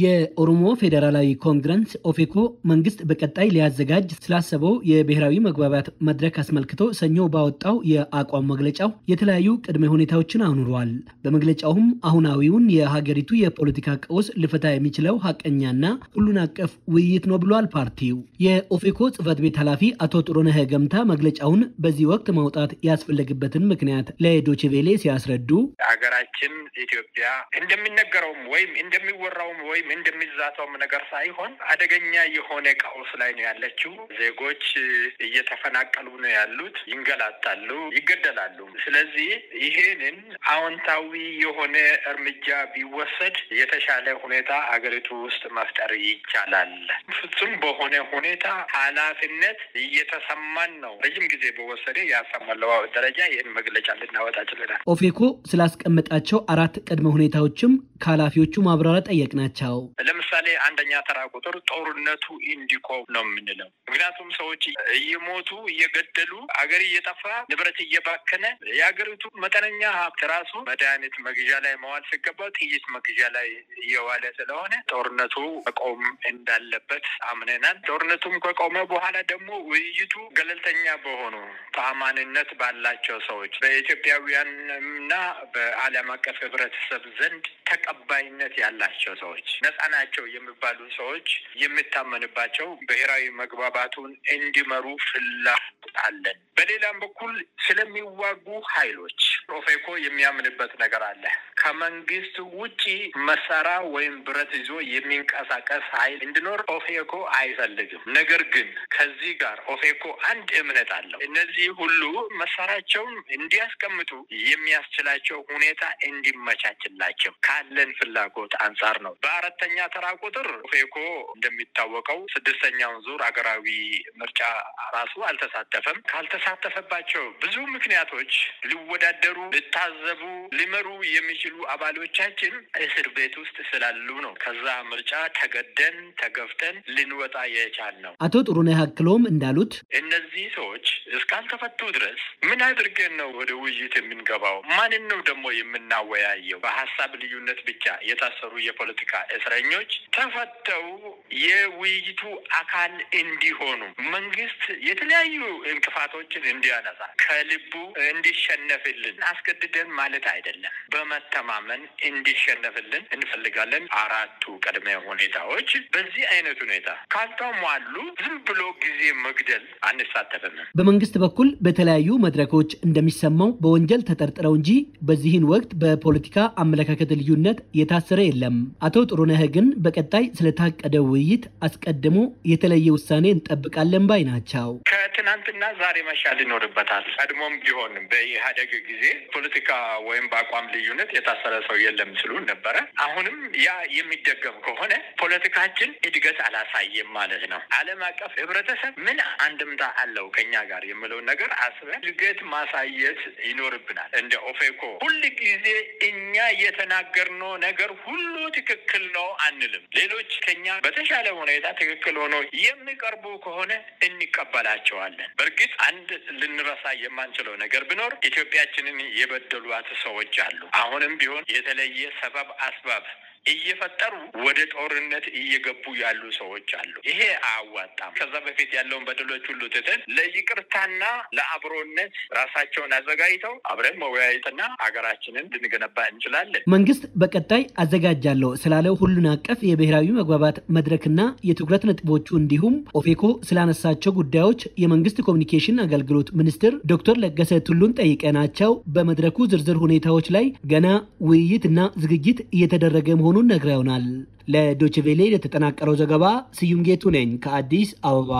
የኦሮሞ ፌዴራላዊ ኮንግረንስ ኦፌኮ መንግስት በቀጣይ ሊያዘጋጅ ስላሰበው የብሔራዊ መግባባት መድረክ አስመልክቶ ሰኞ ባወጣው የአቋም መግለጫው የተለያዩ ቅድመ ሁኔታዎችን አኑረዋል። በመግለጫውም አሁናዊውን የሀገሪቱ የፖለቲካ ቀውስ ልፈታ የሚችለው ሀቀኛና ሁሉን አቀፍ ውይይት ነው ብሏል። ፓርቲው የኦፌኮ ጽህፈት ቤት ኃላፊ አቶ ጥሩነህ ገምታ መግለጫውን በዚህ ወቅት ማውጣት ያስፈለግበትን ምክንያት ለዶችቬሌ ሲያስረዱ ሀገራችን ኢትዮጵያ እንደሚነገረውም ወይም እንደሚወራውም ወይም እንደሚዛተውም ነገር ሳይሆን አደገኛ የሆነ ቀውስ ላይ ነው ያለችው። ዜጎች እየተፈናቀሉ ነው ያሉት፣ ይንገላታሉ፣ ይገደላሉ። ስለዚህ ይሄንን አዎንታዊ የሆነ እርምጃ ቢወሰድ የተሻለ ሁኔታ አገሪቱ ውስጥ መፍጠር ይቻላል። ፍጹም በሆነ ሁኔታ ኃላፊነት እየተሰማን ነው። ረዥም ጊዜ በወሰደ የሀሳብ መለዋወጥ ደረጃ ይህን መግለጫ ልናወጣ ችለናል። ኦፌኮ ስላስቀ ያስቀመጣቸው አራት ቅድመ ሁኔታዎችም ከኃላፊዎቹ ማብራሪያ ጠየቅናቸው። ለምሳሌ አንደኛ ተራ ቁጥር ጦርነቱ እንዲቆም ነው የምንለው። ምክንያቱም ሰዎች እየሞቱ እየገደሉ አገር እየጠፋ ንብረት እየባከነ የሀገሪቱ መጠነኛ ሀብት ራሱ መድኃኒት መግዣ ላይ መዋል ሲገባው ጥይት መግዣ ላይ እየዋለ ስለሆነ ጦርነቱ መቆም እንዳለበት አምነናል። ጦርነቱም ከቆመ በኋላ ደግሞ ውይይቱ ገለልተኛ በሆኑ ተአማንነት ባላቸው ሰዎች በኢትዮጵያውያንና በዓለም አቀፍ ህብረተሰብ ዘንድ ተቀባይነት ያላቸው ሰዎች ነጻ ናቸው የሚባሉ ሰዎች የምታመንባቸው ብሔራዊ መግባባቱን እንዲመሩ ፍላጎት አለን። በሌላም በኩል ስለሚዋጉ ኃይሎች ኦፌኮ የሚያምንበት ነገር አለ። ከመንግስት ውጪ መሳሪያ ወይም ብረት ይዞ የሚንቀሳቀስ ኃይል እንዲኖር ኦፌኮ አይፈልግም። ነገር ግን ከዚህ ጋር ኦፌኮ አንድ እምነት አለው። እነዚህ ሁሉ መሳሪያቸውን እንዲያስቀምጡ የሚያስችላቸው ሁኔታ እንዲመቻችላቸው ካለን ፍላጎት አንጻር ነው። በአራተኛ ተራ ቁጥር ኦፌኮ እንደሚታወቀው ስድስተኛውን ዙር አገራዊ ምርጫ ራሱ አልተሳተፈም። ካልተሳተፈባቸው ብዙ ምክንያቶች ሊወዳደሩ፣ ሊታዘቡ፣ ሊመሩ የሚችሉ የሚሉ አባሎቻችን እስር ቤት ውስጥ ስላሉ ነው። ከዛ ምርጫ ተገደን ተገፍተን ልንወጣ የቻል ነው። አቶ ጥሩነህ አክሎም እንዳሉት እነዚህ ሰዎች እስካልተፈቱ ድረስ ምን አድርገን ነው ወደ ውይይት የምንገባው? ማንን ነው ደግሞ የምናወያየው? በሀሳብ ልዩነት ብቻ የታሰሩ የፖለቲካ እስረኞች ተፈተው የውይይቱ አካል እንዲሆኑ መንግስት የተለያዩ እንቅፋቶችን እንዲያነሳ ከልቡ እንዲሸነፍልን አስገድደን ማለት አይደለም በመታ ተማምነን እንዲሸነፍልን እንፈልጋለን። አራቱ ቅድመ ሁኔታዎች በዚህ አይነት ሁኔታ ካልተሟሉ ዝም ብሎ ጊዜ መግደል አንሳተፍም። በመንግስት በኩል በተለያዩ መድረኮች እንደሚሰማው በወንጀል ተጠርጥረው እንጂ በዚህን ወቅት በፖለቲካ አመለካከት ልዩነት የታሰረ የለም። አቶ ጥሩነህ ግን በቀጣይ ስለታቀደ ውይይት አስቀድሞ የተለየ ውሳኔ እንጠብቃለን ባይ ናቸው። ከትናንትና ዛሬ መሻል ይኖርበታል። ቀድሞም ቢሆን በኢህአደግ ጊዜ ፖለቲካ ወይም በአቋም ልዩነት የታ የታሰረ ሰው የለም ስሉ ነበረ። አሁንም ያ የሚደገም ከሆነ ፖለቲካችን እድገት አላሳየም ማለት ነው። ዓለም አቀፍ ህብረተሰብ ምን አንድምታ አለው ከኛ ጋር የምለውን ነገር አስበን እድገት ማሳየት ይኖርብናል። እንደ ኦፌኮ ሁል ጊዜ እኛ የተናገርነው ነገር ሁሉ ትክክል ነው አንልም። ሌሎች ከኛ በተሻለ ሁኔታ ትክክል ሆኖ የሚቀርቡ ከሆነ እንቀበላቸዋለን። በእርግጥ አንድ ልንረሳ የማንችለው ነገር ቢኖር ኢትዮጵያችንን የበደሏት ሰዎች አሉ አሁንም ቢሆን የተለየ ሰበብ አስባብ እየፈጠሩ ወደ ጦርነት እየገቡ ያሉ ሰዎች አሉ። ይሄ አያዋጣም። ከዛ በፊት ያለውን በደሎች ሁሉ ትተን ለይቅርታና ለአብሮነት ራሳቸውን አዘጋጅተው አብረን መወያየትና ሀገራችንን ልንገነባ እንችላለን። መንግስት በቀጣይ አዘጋጃለሁ ስላለው ሁሉን አቀፍ የብሔራዊ መግባባት መድረክና የትኩረት ነጥቦቹ እንዲሁም ኦፌኮ ስላነሳቸው ጉዳዮች የመንግስት ኮሚኒኬሽን አገልግሎት ሚኒስትር ዶክተር ለገሰ ቱሉን ጠይቀናቸው በመድረኩ ዝርዝር ሁኔታዎች ላይ ገና ውይይትና ዝግጅት እየተደረገ መሆኑ መሆኑን ነግረውናል። ለዶችቬሌ ለተጠናቀረው ዘገባ ስዩም ጌቱ ነኝ ከአዲስ አበባ።